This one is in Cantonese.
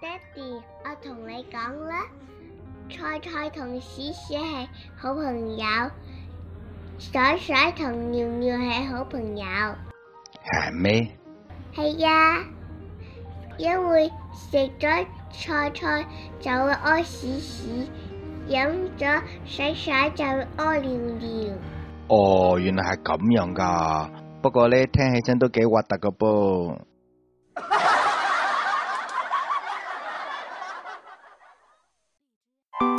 爹哋，我同你講啦，菜菜同屎屎係好朋友，水水同尿尿係好朋友。係咩？係呀，因為食咗菜菜就會屙屎屎，飲咗水水就會屙尿尿。哦，原來係咁樣噶，不過咧聽起身都幾核突噶噃。